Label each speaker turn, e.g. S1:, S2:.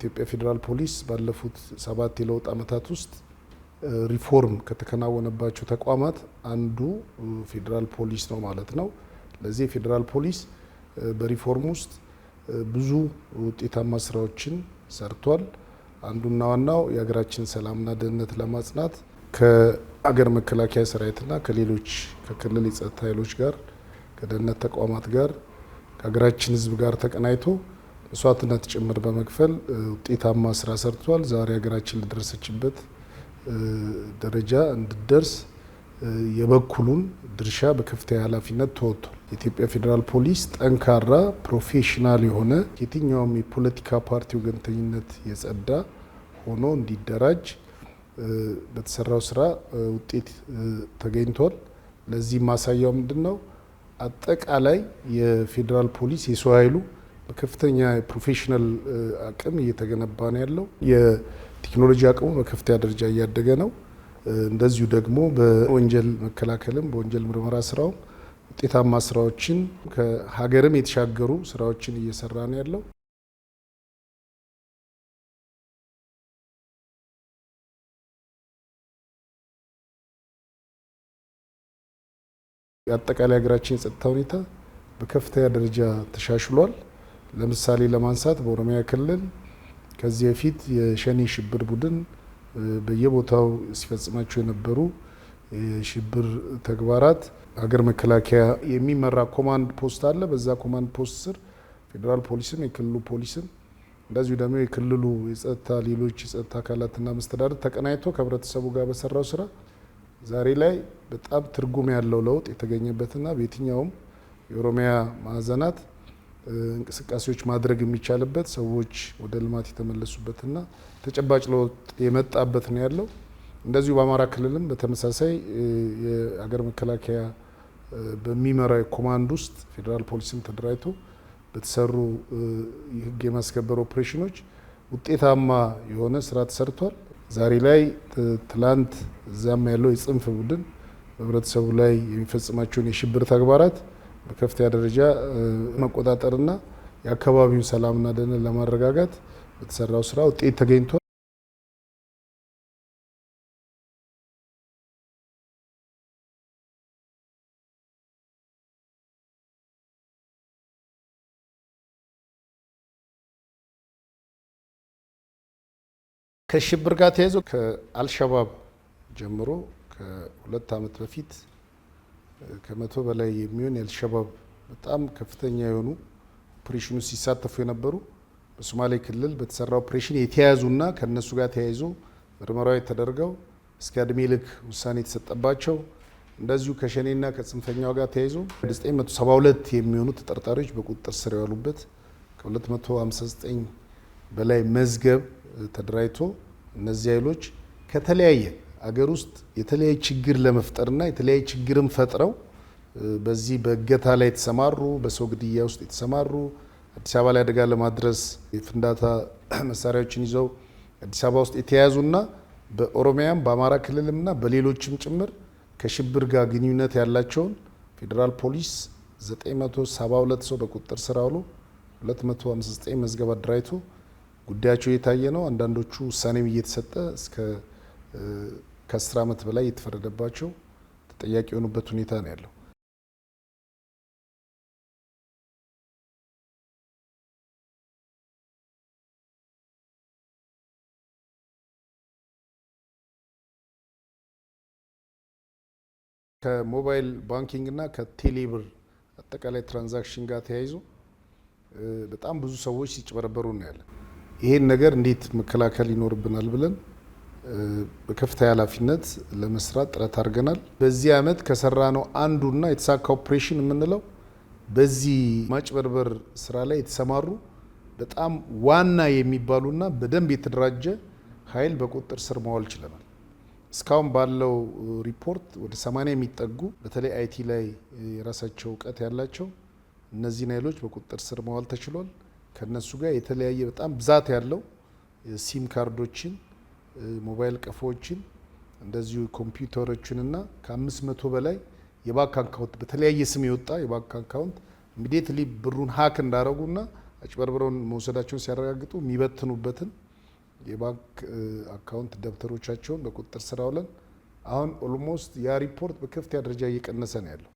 S1: ኢትዮጵያ ፌዴራል ፖሊስ ባለፉት ሰባት የለውጥ ዓመታት ውስጥ ሪፎርም ከተከናወነባቸው ተቋማት አንዱ ፌዴራል ፖሊስ ነው ማለት ነው። ለዚህ የፌዴራል ፖሊስ በሪፎርም ውስጥ ብዙ ውጤታማ ስራዎችን ሰርቷል። አንዱና ዋናው የሀገራችን ሰላምና ደህንነት ለማጽናት ከአገር መከላከያ ሰራዊትና ከሌሎች ከክልል የጸጥታ ኃይሎች ጋር ከደህንነት ተቋማት ጋር ከሀገራችን ሕዝብ ጋር ተቀናይቶ መስዋዕትነት ጭምር በመክፈል ውጤታማ ስራ ሰርቷል። ዛሬ ሀገራችን ለደረሰችበት ደረጃ እንድደርስ የበኩሉን ድርሻ በከፍተኛ ኃላፊነት ተወጥቷል። የኢትዮጵያ ፌዴራል ፖሊስ ጠንካራ ፕሮፌሽናል የሆነ የትኛውም የፖለቲካ ፓርቲ ወገንተኝነት የጸዳ ሆኖ እንዲደራጅ በተሰራው ስራ ውጤት ተገኝቷል። ለዚህ ማሳያው ምንድን ነው? አጠቃላይ የፌዴራል ፖሊስ የሰው ኃይሉ በከፍተኛ የፕሮፌሽናል አቅም እየተገነባ ነው ያለው። የቴክኖሎጂ አቅሙ በከፍተኛ ደረጃ እያደገ ነው። እንደዚሁ ደግሞ በወንጀል መከላከልም በወንጀል ምርመራ ስራውም ውጤታማ ስራዎችን ከሀገርም የተሻገሩ ስራዎችን እየሰራ ነው ያለው። አጠቃላይ ሀገራችን የጸጥታ ሁኔታ በከፍተኛ ደረጃ ተሻሽሏል። ለምሳሌ ለማንሳት በኦሮሚያ ክልል ከዚህ በፊት የሸኔ ሽብር ቡድን በየቦታው ሲፈጽማቸው የነበሩ የሽብር ተግባራት ሀገር መከላከያ የሚመራ ኮማንድ ፖስት አለ። በዛ ኮማንድ ፖስት ስር ፌዴራል ፖሊስም የክልሉ ፖሊስም እንደዚሁ ደግሞ የክልሉ የጸጥታ ሌሎች የጸጥታ አካላትና መስተዳደር ተቀናይቶ ከህብረተሰቡ ጋር በሰራው ስራ ዛሬ ላይ በጣም ትርጉም ያለው ለውጥ የተገኘበትና በየትኛውም የኦሮሚያ ማዕዘናት እንቅስቃሴዎች ማድረግ የሚቻልበት ሰዎች ወደ ልማት የተመለሱበትና ተጨባጭ ለውጥ የመጣበት ነው ያለው። እንደዚሁ በአማራ ክልልም በተመሳሳይ የሀገር መከላከያ በሚመራው ኮማንድ ውስጥ ፌዴራል ፖሊስም ተደራጅቶ በተሰሩ የህግ የማስከበር ኦፕሬሽኖች ውጤታማ የሆነ ስራ ተሰርቷል። ዛሬ ላይ ትላንት እዛም ያለው የጽንፍ ቡድን በህብረተሰቡ ላይ የሚፈጽማቸውን የሽብር ተግባራት በከፍተኛ ደረጃ መቆጣጠርና የአካባቢውን ሰላምና ደህንነት ለማረጋጋት በተሰራው ስራ ውጤት ተገኝቷል። ከሽብር ጋር ተያይዞ ከአልሸባብ ጀምሮ ከሁለት ዓመት በፊት ከመቶ በላይ የሚሆን የአልሸባብ በጣም ከፍተኛ የሆኑ ኦፕሬሽኑ ሲሳተፉ የነበሩ በሶማሌ ክልል በተሰራ ኦፕሬሽን የተያዙና ከነሱ ጋር ተያይዞ ምርመራዊ ተደርገው እስከ እድሜ ልክ ውሳኔ የተሰጠባቸው እንደዚሁ ከሸኔና ከጽንፈኛው ጋር ተያይዞ 972 የሚሆኑ ተጠርጣሪዎች በቁጥጥር ስር የዋሉበት ከ259 በላይ መዝገብ ተደራጅቶ እነዚህ ኃይሎች ከተለያየ አገር ውስጥ የተለያየ ችግር ለመፍጠርና የተለያየ ችግርም ፈጥረው በዚህ በእገታ ላይ የተሰማሩ በሰው ግድያ ውስጥ የተሰማሩ አዲስ አበባ ላይ አደጋ ለማድረስ የፍንዳታ መሳሪያዎችን ይዘው አዲስ አበባ ውስጥ የተያያዙና በኦሮሚያም በአማራ ክልልምና በሌሎችም ጭምር ከሽብር ጋር ግንኙነት ያላቸውን ፌዴራል ፖሊስ 972 ሰው በቁጥጥር ስር አውሎ 259 መዝገብ አደራጅቶ ጉዳያቸው እየታየ ነው። አንዳንዶቹ ውሳኔም እየተሰጠ እስከ ከአስር ዓመት በላይ የተፈረደባቸው ተጠያቂ የሆኑበት ሁኔታ ነው ያለው። ከሞባይል ባንኪንግ እና ከቴሌብር አጠቃላይ ትራንዛክሽን ጋር ተያይዞ በጣም ብዙ ሰዎች ሲጭበረበሩ እናያለን። ይሄን ነገር እንዴት መከላከል ይኖርብናል ብለን በከፍታ ኃላፊነት ለመስራት ጥረት አድርገናል። በዚህ ዓመት ከሰራ ነው አንዱና የተሳካ ኦፕሬሽን የምንለው በዚህ ማጭበርበር ስራ ላይ የተሰማሩ በጣም ዋና የሚባሉና በደንብ የተደራጀ ኃይል በቁጥጥር ስር መዋል ችለናል። እስካሁን ባለው ሪፖርት ወደ 80 የሚጠጉ በተለይ አይቲ ላይ የራሳቸው እውቀት ያላቸው እነዚህን ኃይሎች በቁጥጥር ስር መዋል ተችሏል። ከነሱ ጋር የተለያየ በጣም ብዛት ያለው ሲም ካርዶችን ሞባይል ቀፎዎችን እንደዚሁ ኮምፒውተሮችንና ከአምስት መቶ በላይ የባንክ አካውንት በተለያየ ስም የወጣ የባንክ አካውንት ኢሚዲየትሊ ብሩን ሀክ እንዳረጉና አጭበርብረውን መውሰዳቸውን ሲያረጋግጡ የሚበትኑበትን የባንክ አካውንት ደብተሮቻቸውን በቁጥጥር ስር አውለን አሁን ኦልሞስት ያ ሪፖርት በከፍተኛ ደረጃ እየቀነሰ ነው ያለው።